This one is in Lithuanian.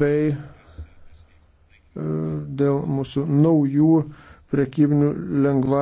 bei e, dėl mūsų naujų prekybinių lengvatų.